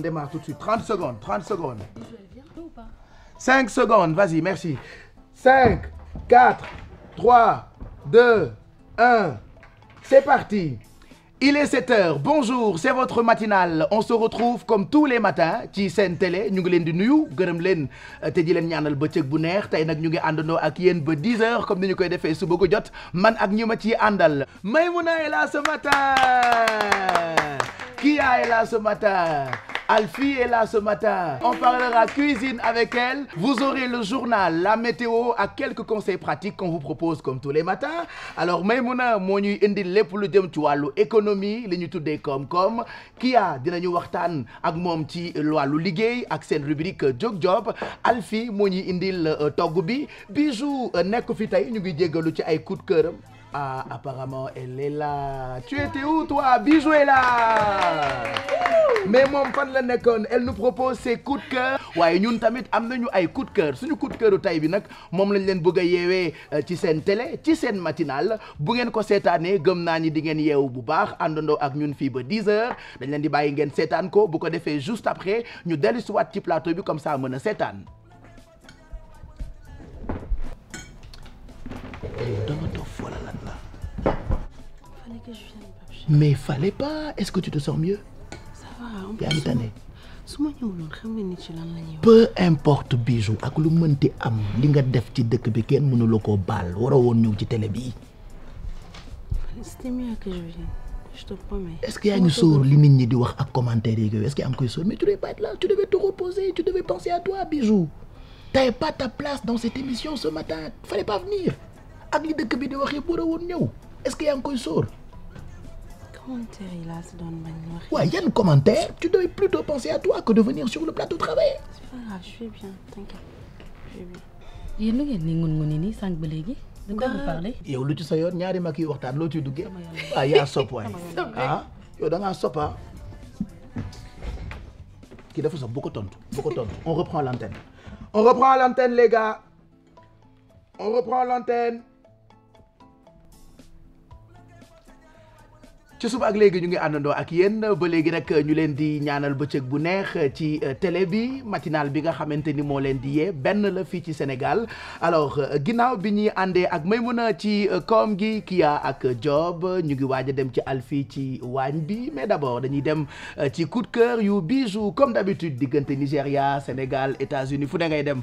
on démarre tout de suite 30 secondes 30 secondes. 5 secondes vas-y merci 5 4 3 2 1 c'est parti. Il est 7 heures bonjour c'est votre matinale on se retrouve comme tous les matins ci seen télé ñu ngi leen di nuyu gërëm leen te di leen ñaanal bëccëg bu neex tey nag ñu ngi àndandoo ak yéen ba 10 heures comme ni ñu koy defee suba ko jot man ak ñi ma ciy àndal Maïmouna est là ce matin Kia est là ce matin Alfie est là ce matin. On parlera cuisine avec elle. Vous aurez le journal, la météo ak quelque conseils pratique qu'on vous propose comme tous les matins. Alors Maimouna moo ñuy indi lépp lu jëm ci wàllu économie li ñu tuddee koom-koom Kia dinañu waxtaan ak moom ci wàllu liggéey ak seen rubrique Jóg Job alfi moo ñuy indil euh, togg bi Bijou euh, nekk fi tey ñu ngi jéggalu ci ay coup de Ah, apparemment, elle la là. Tu étais où, toi? Bijou est là. mais moom fan la nekkoon elle nous propose ses coups de waaye ñun tamit am nañu ay coup de cœur suñu coup de cœuru tay bi nag moom lañ leen bëgg a yeewee euh, ci seen tele ci seen matinal bu ngeen ko seetaanee gëm naa ni di ngeen yeewu bu baax àndandoo ak ñun fii ba 10 heures dañ leen di bàyyi ngeen seetaan ko bu ko defee juste après ñu dellu si waat ci plateau bi comme ça mën a seetaan. Eh, mais fallait pas est-ce que tu te sens mieux. yaa ngi tane. ni ci la ñuy wax. peu importe bijou ak lu mënti am li nga def ci dëkk bi kenn mënu koo baal waroo woon ñëw ci télé bii. c'était mieux que je yaa ngi sóor li nit ñi di wax ak commentaire yi yooyu est-ce que yaa ngi koy sóor mais tu devais pas être là tu devais reposer tu devais penser à toi bijou. t'avais pas ta place dans cette émission ce matin fallait pas venir ak li dëkk bi di wax yëpp war a woon ñëw est-ce que yaa ngi koy soor commentaire yi laa si doon bañ a wax. commentaire tu devais penser à toi que de venir sur le plateau travailler. c'est pas grave je lu ngeen ni ngun-nguni nii sànq ba léegi. de quoi vous yow lu ci sa yoon ñaari mag yi waxtaan loo ciy duggee. ah yaa ah, yow da ngaa sopp ah. kii dafa sopp bu tontu bu ko tontu on reprend l'antenne on reprend l'antenne les on reprend l'antenne ci suba ak léegi ñu ngi àndandoo ak yéen ba léegi rek ñu leen di ñaanal bëccëg bu neex ci euh, télé bi matinal bi nga xamante ni moo leen di yee benn la fii ci Sénégal alors euh, ginnaaw bi ñuy àndee ak Maymuna ci euh, koom gi kii Kia ak Job ñu ngi waaj a dem ci Alfi ci waañ bi mais d'abord dañuy dem ci coup de cœur bi bijou comme d'habitude diggante Nigéria Sénégal États-Unis fu ne ngay dem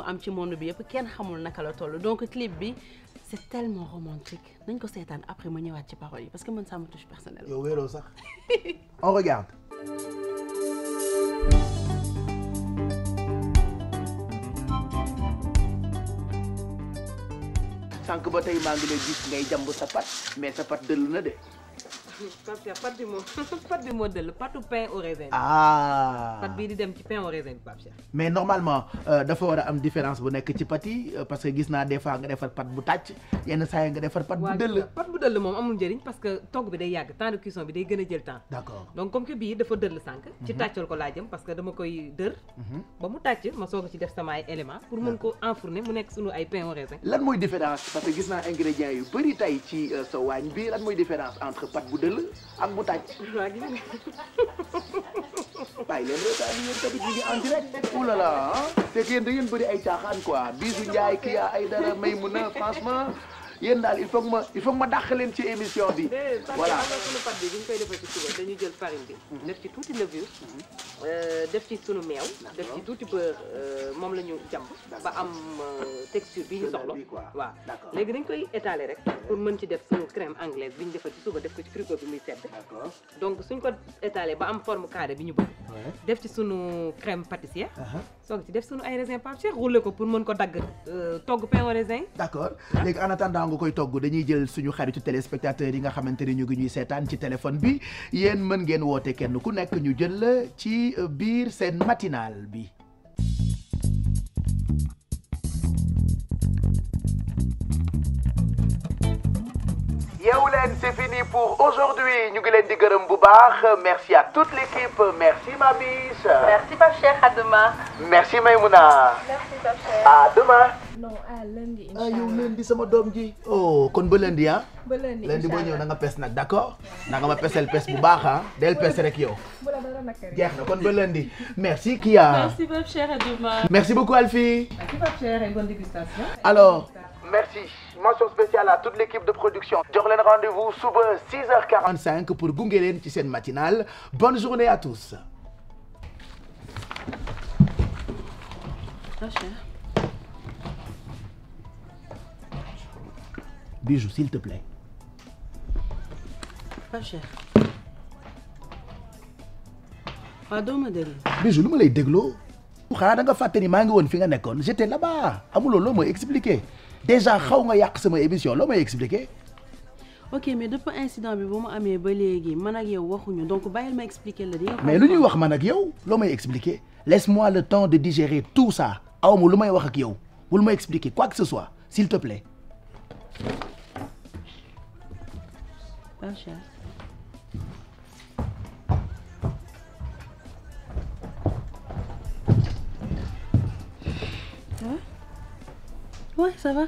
mu am ci monde bi yëpp kenn xamul naka la toll donc clip bi c'est tellement romantique nañ ko seetaan après ma ñëwaat ci paroles yi parce que man ça me touche personnellement. yow wéeroo sax on ba tey maa ngi lay ngay jàmb sa pat mais sa pat dëll na de. pâte y' a pâte du monde pâte du pain au raisin. ah bii di dem ci pain au raisin Pape Cheikh. mais normalement euh, dafa war a am différence bu nekk ci pâte yi euh, parce que gis naa des fois nga defar bu tàcc yenn saa nga defar pâte bu dëll. pâte bu dëll moom amul njëriñ parce que togg bi day yàgg temps de cuisson bi day gën jël temps. d' donc comme que bii dafa dëll sànq. ci mhm. tàccal ko laa jëm parce que dama koy dër. Mhm. ba mu tàcc ma soog a ci def sama ay éléments pour mun ah. ko enfourner tëll ak bu tàcc. waaw gis nga. bàyyi leen retard ah. yéen tamit ñu ngi en da ngeen bëri ay caaxaan quoi bisu Ndiaye kii ay dara may mun a franchement. yéen daal il faut ma il faut ma dàq leen ci émission bi. Eh, voilà mais sunu ñu koy defee ci dañuy jël farine bi. Mhm. def ci tuuti levure. Mhm. Euh, def ci sunu meew. def ci tuuti beurre euh, moom la ñu jàmb. ba am euh, texture bi ñu soxla. waaw léegi dañ koy étaler rek. pour mën ci def sunu crème anglaise bi ñu defal ci suba def ko ci frigo bi muy sedd. donc suñ ko étaler ba am forme carré bi ñu bëgg. def ci sunu crème pâtissière. Uh-huh. soog ci def sunu ay raisin Pape Cheikh ko pour mën ko dagg euh, togg pain au raisin d' accord léegi en attendant nga koy togg dañuy jël suñu xaritu téléspectateurs yi nga xamante ni ñu ngi ñuy seetaan ci téléphone bi yéen mën ngeen woote kenn ku nekk ñu jël la ci biir seen matinal bi Yeewu leen c'est fini pour aujourd'hui ñu ngi leen di gërëm bu baax merci à toute l'équipe merci ma merci Pape à demain. non ah, ah, lundi sama doom ji. oh kon ba lundi ah? lundi incha allah lundi boo ñëw na nga pes nag d'accord na ma pesel pes bu baax ah del pes rek yo bu na kon ba lundi merci Kia. a beaucoup cher Adouma. merci beaucoup Alfie. merci beaucoup cher et bonne dégustation. toute l'équipe de production jox rendez-vous suba 6h45 pour gunge ci seen matinale bonne journée à tous. Pas bijou s'il te plaît. pas cher. waaw doo lu ma lay dégloo. xanaa da nga fàtte ni maa ngi woon fi nga nekkoon j'étais là-bas amuloo loo mooy expliquer déjà xaw nga yàq sama émission loo may expliquer. ok mais depuis incident bi ba mu amee ba léegi man ak yow ñu donc bàyyil ma expliquer la di. mais lu ñuy wax man ak yow loo may expliquer laisse-moi le temps de digérer tout sa aw ma lu may wax ak yow bul ma expliquer quoi que ce soit s'il te plaît. Well, Chef. Ah? Ça ba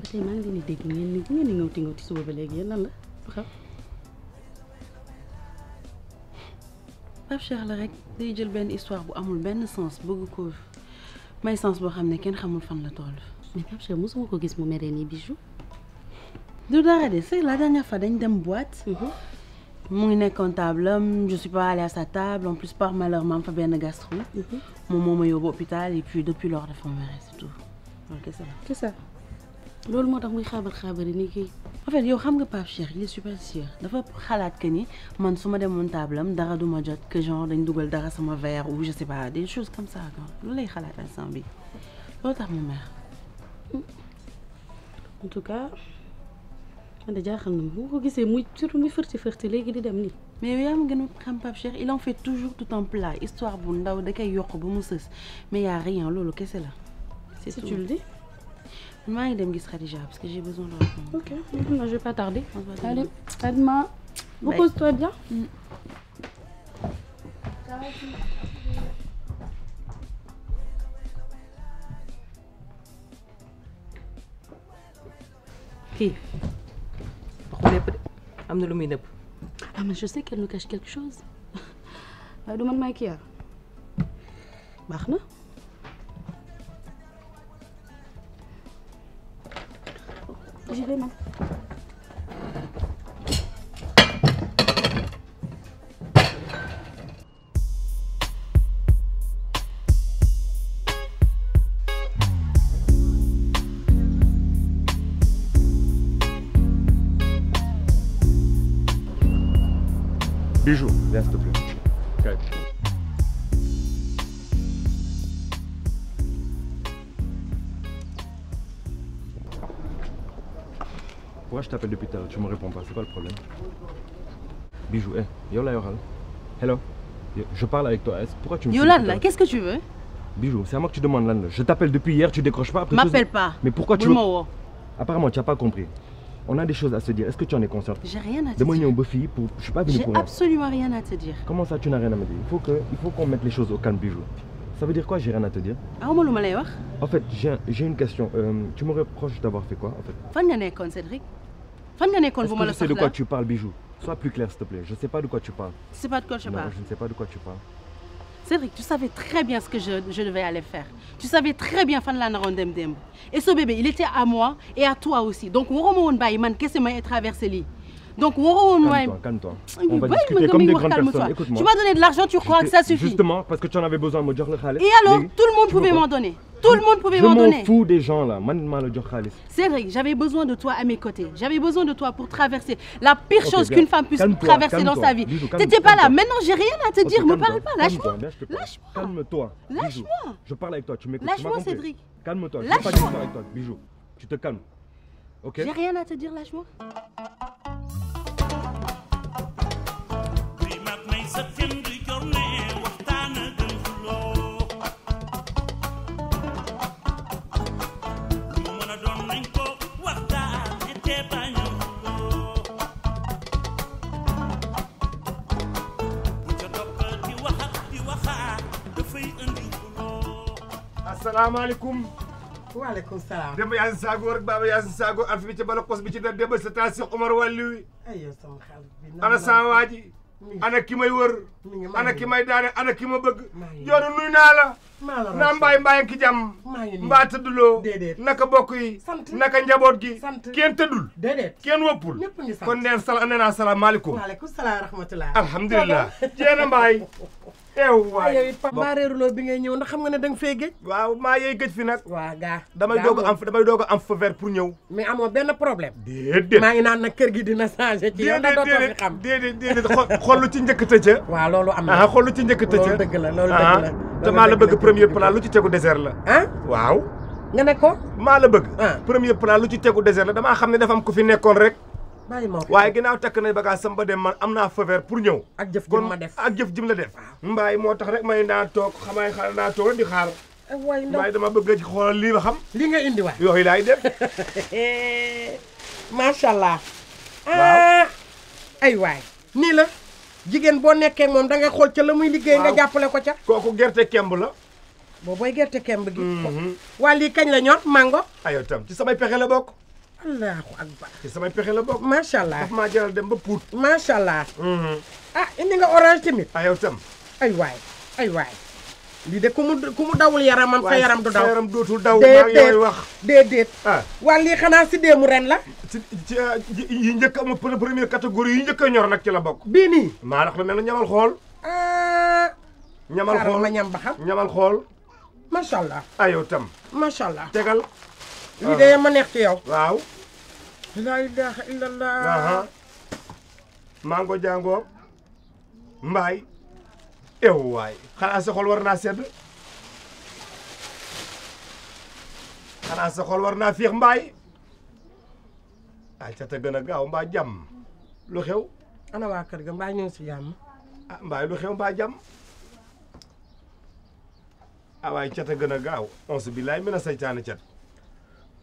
tey maa ngi dégg ngeen ni ngeen di ngawti ngawti suba ba léegi yéen lan la ba xam. Pape Cheikh la rek day jël benn histoire bu amul benn sens bëgg ko may sens boo xam ne kenn xamul fan la toll. mais Pape Cheikh mosuma ko gis mu meree nii bijou du dara de c'est la dernière fois dañ dem boîte. Mhm. mu ngi nekk comptable m je suis pas allée à sa table en plus par malheur ma am fa benn gastro. Mhm. moom moom ma yóbbu hôpital et puis depuis lors dafa mère c'est tout loolu kese la. c'est ça loolu moo tax muy xaabar xaabar yi nii kii. en fait yow xam nga Pape Cheikh il est super dafa xalaat que ni man su ma demoon table am dara du ma jot que genre dañ dugal dara sama verre ou je sais pas des choses kam ça quoi lool lay xalaat instant bi loolu tax mu mère. man de jaaxal na ma bu ko gisee muy surtout muy fërti fërti léegi di dem ni mais yow yaa ma gën a xam Pape Cheikh il en fait toujours tout un plat histoire bu ndaw da kay yokk ba mu sës mais y a rien loolu kese la. c'est tout tu le dis. maa ngi dem gis Khadija parce que j'ai besoin de répondre. ok non je vais pas tarder. allez à demain. am na lu muy nëbb. ah mais je sais qu'elle nous cache quelque chose waaye du man maay kii ah. baax na. j'y vais man. Bijou, viens s'il te plaît. Okay. Pourquoi je t'appelle depuis tout à l'heure Tu me réponds pas, c'est quoi le problème Bijou, hé, eh, hey, yo la yoral. Hello Je parle avec toi, pourquoi tu me Yolan là, qu'est-ce que tu veux Bijou, c'est à moi que tu demandes là. Je t'appelle depuis hier, tu décroches pas après M'appelle pas. Mais pourquoi tu veux Apparemment, tu n'as pas compris. on a des choses à se dire est-ce que tu en es consciente. j'ai rien à te dire dama ñëw ba fii pour je suis pas venu pour. j'ai absolument rien à te dire. comment ça tu n'as rien à me dire il faut que il faut qu'on mette les choses au calme du jour. ça veut dire quoi j'ai rien à te dire. aw ah, ma lu ma lay wax. en fait j'ai j'ai une question euh, tu me reproches d'avoir fait quoi en fait. fan nga nekkoon Cédric fan nga nekkoon bu ma la soxla est-ce que tu sais de quoi tu parles Bijou. sois plus clair s'il te plaît je ne sais pas de quoi tu parles. je ne sais pas de quoi tu parles. non je ne sais pas de quoi tu parles. Cédric, tu savais très bien ce que je, je devais aller faire. Tu savais très bien fan la naroon dem démb. Et ce bébé, il était à moi et à toi aussi. Donc waroo ma woon bàyyi man kese may traversé lii. Donc waroo woon waay. Calme-toi, calme-toi. On va discuter comme des grandes personnes. Écoute-moi. Tu m'as donné de l'argent, tu crois que ça suffit? Justement, parce que tu en avais besoin, ma jox la xaalis. Et alors, tout le monde pouvait m'en donner. Tout le monde pouvait m'en donner. Je m'en fous des gens là. Cédric, j'avais besoin de toi à mes côtés. J'avais besoin de toi pour traverser la pire okay, chose qu'une femme puisse traverser dans sa vie. T'étais pas là. Maintenant, j'ai rien à te okay, dire. Me parle pas. Lâche-moi. Lâche-moi. Calme-toi. Lâche-moi. Je parle avec toi. Tu m'écoutes. Lâche-moi, Cédric. Calme-toi. Lâche-moi. Je pas avec toi. Bijou. Tu te calmes. Ok. J'ai rien à te dire. Lâche-moi. salaamaaleykum. waaleykum salaam. Demba Yacine Sakho rek Baba Yacine Sakho alfi bi ca bala pos bi ci def Demba sa taasi Omar Waliwi. ay yow sama xarit bi ana sama waa ji. ana ki may wër. ana ki may daane ana ki ma bëgg. yoonu nuy naa la. naa mbaay mbaay ki jàmm. mbaa tëdduloo. naka bokk yi. naka njaboot gi. kenn tëddul. kenn wëppul. kon neen sala nee naa salaamaaleykum. waaleykum salaam rahmatulah. alhamdulilah. jeena mbaay. waay mbaa réeruloo bi ngay ñëw ndax xam nga ne danga nga fee géej waaw maa yey géej fi nag waaw gaa damay doog am damay doog am feu vert pour ñëw mais amoo benn problème déedéet maa ngi naan nag kër gi dina changé ci yow ndax dootoo fi xam déedéet déedéet xollu ci njëkk tëj waaw loolu am na xollu ci njëkk tëj loolu dëgg la loolu la te maa la bëgg premier plat lu ci tegu dessert la ah waaw nga ne ko maa la bëgg ah. premier plat lu ci tegu dessert la damaa xam ne dafa am ku fi nekkoon rek bàyyi ma waaye ginnaaw takk nañ bagage sam ba dem man am naa faveur pour ñëw. ak jëf jëm ma def ak jëf jëm la def. mbaay moo tax rek may naa toog xamaay xaar naa toog rek di xaar. Eh, waay mbaay dama bëgg a ci xoolal lii ba xam. lii nga indi waay yooyu laay def. macha ah. ay waay nii la. jigéen boo nekkee moom da nga xool ca la muy liggéey nga jàppale ko ca. kooku gerte kemb la. boo booy gerte kemb gi. Mm-hmm. waa lii kañ la ñor mango. aywa tam ci samay pexe la bokk. allahu akbar ci samay pexe la bokk macha allah maa jaral dem ba puut macha allah mm-hmm. ah indi nga orange tamit ah, ay waay ay waay lii de ku mu ku mu dawul yaram du dootul daw maa ngi lay wax déedéet ah. ren la ah, njëkk am première catégorie yi njëkk a ñor nag ci la bokk bii nii maa la mel na ñamal ñamal xool tegal lii de ma neex yow. waaw. laa ilaaha illallah. mango jàngoo mbaay ew waay xanaa sa xol war naa sedd xanaa sa war naa féex mbaay ay ca te gën a gaaw mbaa jàmm lu xew ana waa kër ga mbaa ñu ngi si jàmm ah mbaay lu mbaa jàmm ah waay ca te gën a gaaw onse billaay mi na saytaane cat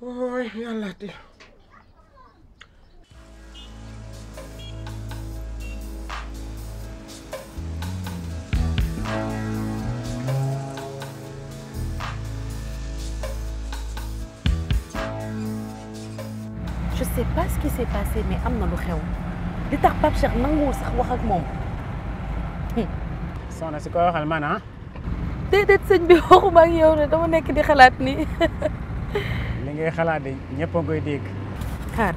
Voi ihan lähti. Je sais pas ce qui s'est passé mais am na lu xew li tax Pape Cheikh nanguwul sax wax ak moom. soxna si ko waxal man ah. déedéet sëñ bi waxuma ak yow ne dama nekk di xalaat nii. li xalaat bi ñëpp a koy dégg. xaar.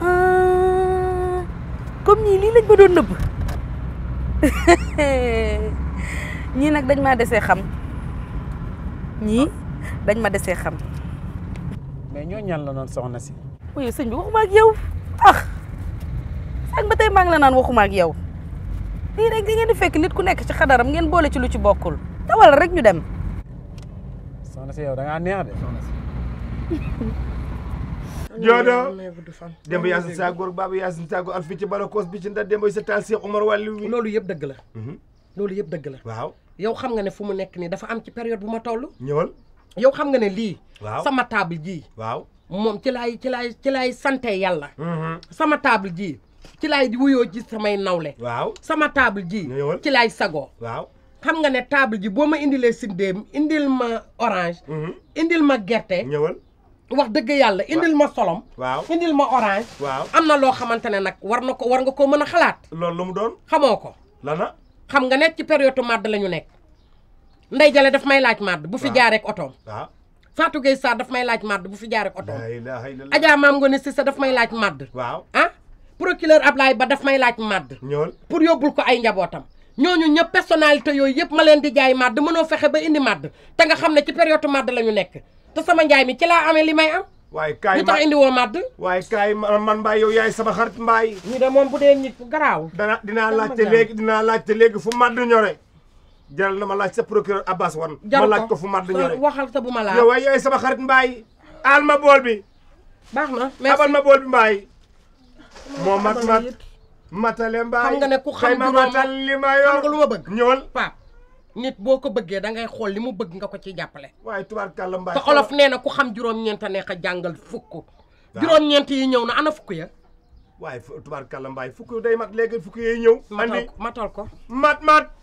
Ah, comme ñii lii lañ ma doon nëbb ñii nag dañ ma desee xam ñii dañ ma desee xam. mais ñoo ñaan la noonu soxna si. oui sëñ bi waxuma ak yow. ah sànq ba tey maa la naan waxuma ak yow lii rek ngeen fekk nit ku nekk ci xadaram ngeen boole ci lu ci bokkul dawal rek ñu dem. soxna si yow da neex de. joodo demba yaasin saagóor baaba yaasin saagóor al fi ci balakoos bi ci ndax demba sa taal Cheikh Omar wàllu wi loolu yëpp dëgg la mhm. loolu yëpp dëgg la waaw yow xam nga ne fu mu nekk nii dafa am ci période bu ma toll ñëwal yow xam nga ne lii waaw sama table jii waaw moom ci laay ci laay ci laay sante yàlla. Mm-hmm. sama table ji ci laay wuyoo ji samay nawle. waaw sama table ji. ci laay sagoo. waaw xam nga ne table ji boo ma indilee sindeem indil ma orange. Mm-hmm. indil ma gerte. ñëwal. wax dëgg yàlla indil ma solom. waaw indil ma orange. waaw am na loo xamante ne nag war na ko war nga koo mën a xalaat. loolu lu mu doon. xamoo ko. lana xam nga ne ci période màdd lañu nekk. ndey jale daf may laaj màdd. bu fi jaaree ak otoom. waaw Fatou Gueye Sarr daf may laaj màdd bu fi jaar ak oto Adja Maam Ngone sa daf may laaj madd waaw ah procureur laay Ba daf may laaj màdd ñool pour yóbbul ko ay njabootam ñooñu ñëpp personnalité yooyu yëpp ma leen di jaay madd mënoo fexe ba indi madd te nga xam ne ci période madd la ñu nekk te sama njaay mi ci laa amee li may am waaye kaay ma tax indi woo madd waaye kaay man mbaay yow yaay sama xarit mbaay ñi de moom bu dee nit garaaw dana dinaa laajte léegi dinaa laajte léegi fu màdd ñore jaral na ma laaj sa procureur Abbas Wan. ma laaj ko fu mat dañu waxal te bu ma laaj. yow waaye yooyu sama xarit Mbaye. aal ma bool bi. baax na merci abal ma bool bi Mbaye. moo mat mat matale Mbaye. nga ne ku xam ma matal li ma yor lu ma bëgg. ñëwal Pape nit boo ko bëggee da ngay xool li mu bëgg nga ko ci jàppale. waaye tubaarkàlla Mbaye. te olof nee na ku xam juróom-ñeent neex a jàngal fukk. juróom-ñeent ñëw na ana fukk ya. waaye tubaarkàlla Mbaye fukk day mat léegi fukk ñëw. andi matal ko mat mat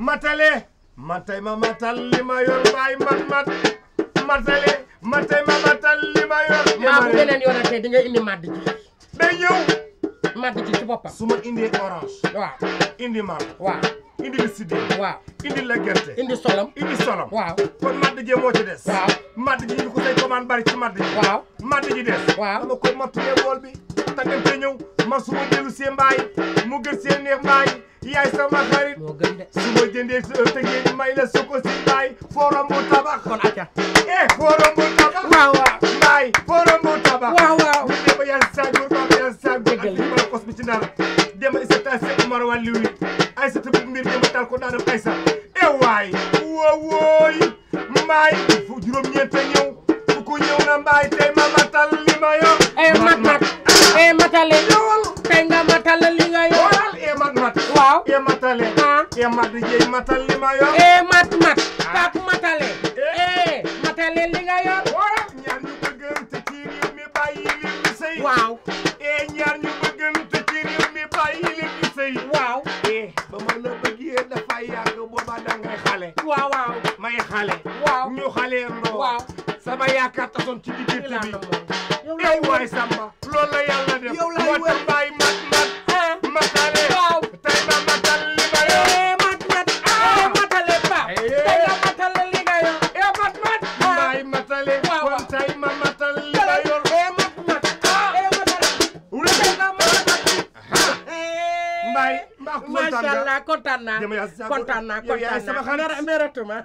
matale matay ma matal li ma yor baay mat mat matale matay ma matal li ma yor. maa bu beneen yoonatee di nga indi madd ji. day ñëw. madd ji ci boppam. su ma indee orange. waaw indi mar. waaw indi la sidde. waaw indi la gerte. indi solom indi solom. waaw kon madd ji moo ci des. waaw madd ji ñu ko say commande bari ci madd ji. waaw madd ji des. waaw dama koy mottalee bool bi. tàggante ma su ma jëlu see mbaay mu gën see neex mbaay yaay sama xarit moo gën de su ma jëndee sa te ngeen may la soko si mbaay forom bu tabax kon acca eh, ta se mbir dem tal ko daanam ay sa e eh, waay mbaay juróom ñeent ñëw fu ko ñëw na mbaay tey ma matal li ma yor eh, ay e matale tey nga matale li nga eh, eh, matale e mat jeey matal li ma yor e mat mat ah.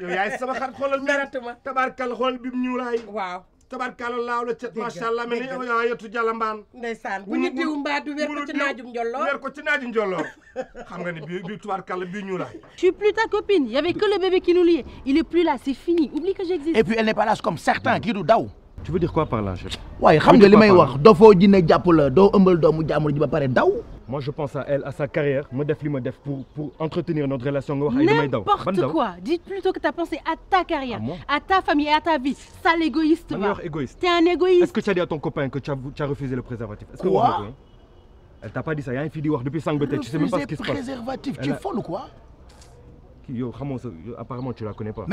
yow yaay sama xarit xoolal miratuma tabaarkalla xoolal bi mu ñuulaay waaw tabarkalla laaw la cet macha allah mel ni yow yettu jàlla mbaan ndeysaan bu ñu diw mbaa du weer ko ci naajum njolloor weer ko ci naajum njolloor xam plus ta copine y avait le bébé qui nous liait il est plus là c'est fini oublie que j'existe et puis elle n'est pas comme certains kii du daw tu veux dire quoi par là chef waaye xam nga li may wax dofoo jinne jàpp la doo ëmbal doomu jaamur ji ba pare daw moi je pense à elle à sa carrière ma li ma def pour pour entretenir notre relation nga wax ay damay n'importe quoi dis plutôt que t'as pensé à ta carrière ah, à ta famille et à ta vie sale égoïste va wax un égoïste est-ce que tu dit à ton copain que tu refusé le préservatif est-ce que wax elle t'a pas dit ça yaa ngi di wax depuis sànq ba tey tu sais même pas ce qui se préservatif tu es folle ou quoi yow xamoo sa apparemment tu la connais pas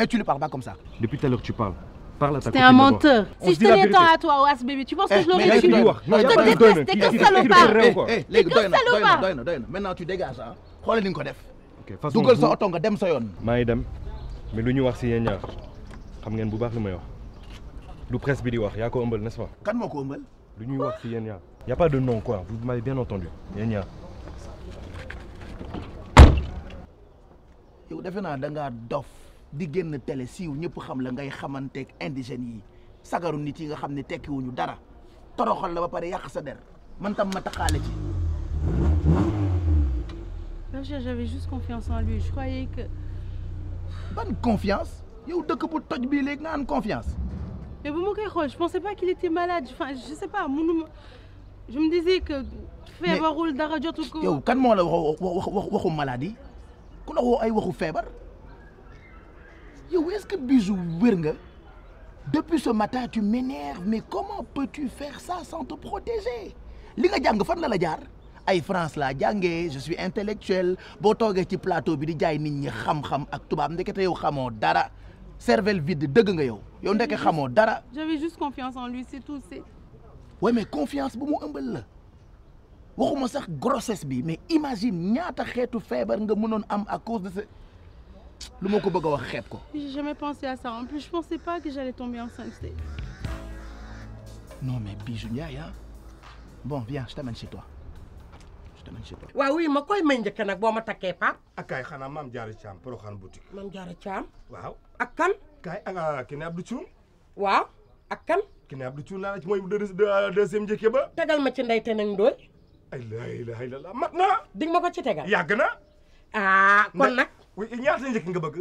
depuis tout à tu parles parle à ta copine. T'es un Si je tenais tant à toi, Oas bébé, tu penses que je eh, l'aurais tué Je te déteste, t'es que salopard. Eh, eh, t'es que salopard. doy na doy na maintenant tu dégages ko def. dugal sa oto nga dem sa yoon. maa ngi dem mais lu ñu wax si yéen ñaar ngeen bu baax li may wax lu presse bi di wax yaa ko ëmbal n'est-ce pas. kan moo ko ëmbal. lu ñuy wax si yéen ñaar. y a ko de nom quoi vous m'avez bien entendu yéen ñaar. yow defe naa da ngaa dof. di génn télé siiw ñëpp xam la ngay xamanteeg indigènes yi sagaru nit yi nga xam ne tekkiwuñu dara toroxal la ba pare yàq sa der man tam ma taxaale ci. Père Cheikh je croyais que. ban confiance yow dëkk bu toj bii léegi nga am confiance. mais bu ma koy xool je pensais pas qu'il était malade enfin je sais pas mënuma je me disais que. feebarul dara jotul ko. yow kan moo la wax waxu maladi ku la ay waxu feebar. yow est-ce que Bijou wér nga depuis ce matin tu m'énerves mais comment peux-tu faire ça sans te li nga jàng fan la la jaar ay France laa jàngee je suis intellectuel boo toogee ci plateau bi di jaay nit ñi xam-xam ak tubaab ndekete yow xamoo dara cervelle vide dëgg nga yow yow ndeke xamoo dara. j'avais juste confiance en lui c'est tout c'est. oui mais confiance bu mu ëmbal la waxuma sax grossesse bi mais imagine ñaata xeetu feebar nga mënoon am à cause de ce. lu ma ko bëgg a wax xeeb ko. j'ai jamais pensé à ça en plus je pensais pas que j'allais tomber enceinte. non mais Bijou Ndiaye ah bon viens je t'amène chez toi je t'amène chez toi. waaw ma koy may njëkk nag boo ma takkee Pape. ak kay xanaa maam Diarra Thiam Porokhane boutique. maam Diarra ak kan. kay ak keneen Abdou ak kan. keneen Abdou Thioune laa la ci mooy deuxième njëkkee ba. tegal ma ci ndey te nañ doy. ay la ilaha illallah ma ko ci tegal. yàgg na. ah kon nag. oui ñaata njëkk nga bëgg.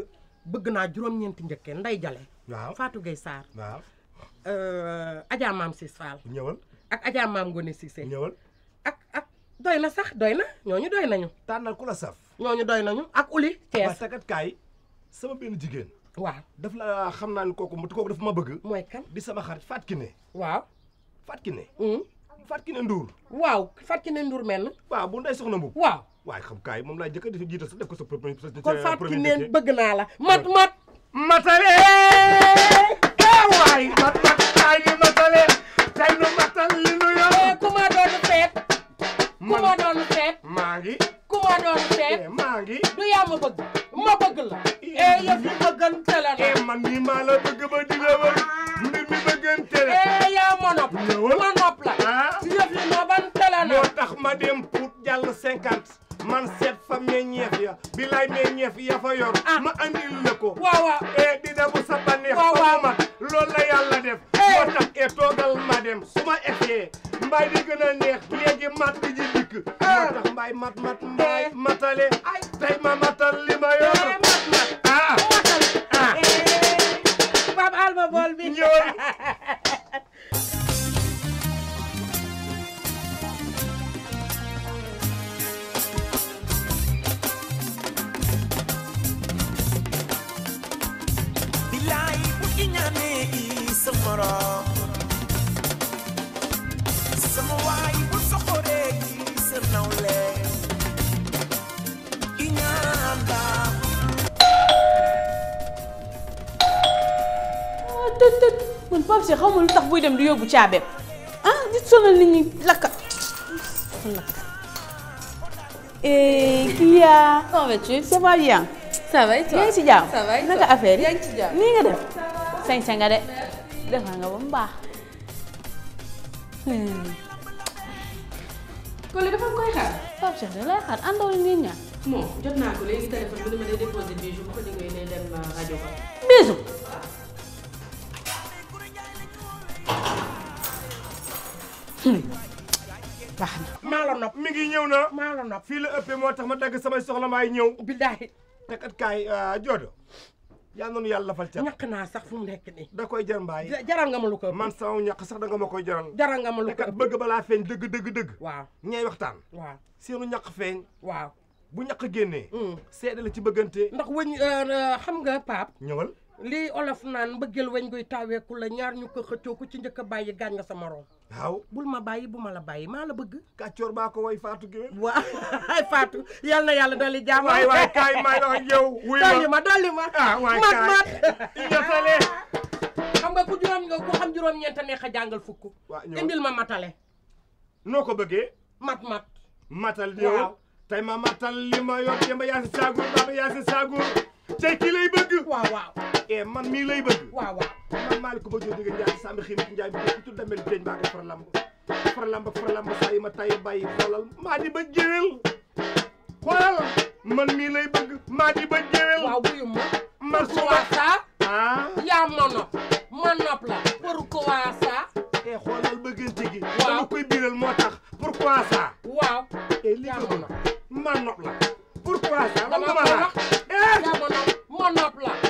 bëgg naa juróom-ñeenti njëkkee Ndeye Jalle. waaw Fatou Gueye Sarr. waaw. Euh, Adja Maam Sis Fall. ñëwal ak Adja Maam Ngone Cissé. ñëwal ak doy na sax doy na ñooñu doy nañu. tànnal ko la saf. ñooñu doy nañu ak Uli. Thiès waaw takat kaay sama benn jigéen. waaw daf la xam naa ne kooku kooku dafa ma bëgg. mooy kan di sama xarit Fatou ne waaw Fatou Kiné. Hmm. Fatkine Ndour. waaw Fatkine Ndour mel na. waaw bu ndey soxna Mbow. waaw waaye xam kaay moom laa jëkk a jiital def ko sa premier. kon Fatkine bëgg naa la mat mat. matale. waaw waay ndaw si xaw lu tax buy dem di yóbbu caabeem ah di sonal nit ñi lakkat lakkat eh, Kya. comment vas-tu? ça bien. yaa ngi ci jàmm. ça va et nii nga def. sañ sa de defar ba mu hmm. Kole dafa koy xaar. Pape Cheikh da lay xaar àndoo li ngeen ni ma day baax na. maa la nopp mi ngi ñëw na. maa la nopp fii la ëppee moo tax ma dagg samay soxla maay ñëw. billaahi. te kat kaay euh, joodo. yàlla na nu yàlla lafal ca. ñàkk naa sax fu mu nekk nii. da koy jar mbaay. jaral nga ma ko man sama ñàkk sax da nga ma koy jaral. jaral nga ma lu ko balaa feeñ dëgg dëgg dëgg. waaw ñay waxtaan. waaw seenu ñàkk feeñ. waaw bu ñàkk génnee. Mm. seede la ci bëggante. ndax wëñ euh, euh, xam nga Pape. ñëwal. lii olof naan mbëggeel weñ guy taaweeku la ñaar ñu ko xëccoo ku ci njëkk bàyyi gaañ nga sa waaw bul ma bàyyi bu ma la bàyyi maa la bëgg kàccoor baa ko way Fatou Gueye waaw ay Fatou yal na yàlla dolli jàmm waay waay kaay may la yow wuy dolli ma dolli ma ah, mat mat nga ku nga ku xam juróom ñeent a jàngal fukk ma ko bëggee mat mat matal yow tey ma matal li ma yor démb yaa si saagur baba yaa saagur tey lay bëgg e man mii bëgg waaw man Malick Ba Diop jóge Njaay sambi xim Njaay bi ko tudd damel deñ ba nga ma tay bàyyi xoolal maa di ba jëwel xoolal man mii lay bëgg maa di ba jëwel waaw buyu ma marsuwaasa ah yaa mono ma nopp la pourquoi ça e xoolal bëggante gi waaw koy biral moo tax pourquoi ça waaw e li ko ma nopp la pourquoi ça man dama la e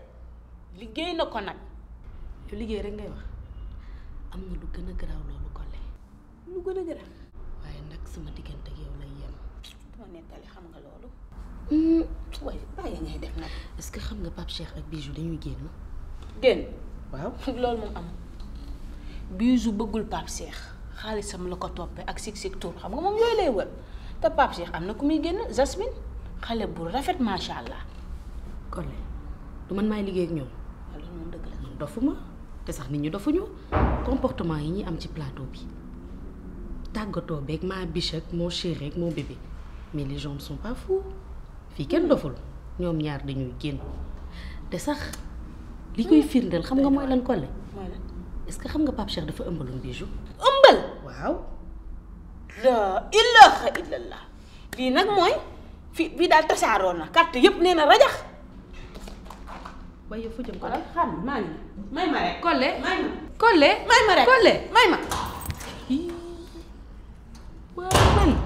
liggéey na ko nag yow liggéey rek ngay wax am na lu gën a garaaw loolu Collé lu gën a garaaw waaye nag sama diggante ak yow lay yem dama nettali xam nga loolu hmm. waaye bàyyi ngay def nag est que xam nga Pape Cheikh ak Bijou dañuy génn génn waaw loolu moom am Bijou bëggul Pape Cheikh xaalisam la ko toppee ak sig sig tour xam nga moom yooyu lay wër te Pape Cheikh am na ku muy génn Jasmine xale bu rafet macha allah Collé du man maay liggéey ak ñoom moom dëgg la. dofuma te sax nit ñi dofuñu comportement yi ñuy am ci plateau bi tàggatoo beeg ma biche ak moo chéri ak mon bébé mais les gens ne sont fii kenn doful ñoom ñaar dañuy génn te sax li koy firndeel xam nga mooy lan ko est-ce que xam nga Pape Cheikh dafa ëmbaloon bijou. ëmbal waaw. la ilaha illallah lii nag mooy fi bii daal tasaaroo na carte yëpp nee na rajax. ba yëf ko rek may ma rek Collé may ma may ma rek Collé may ma waaw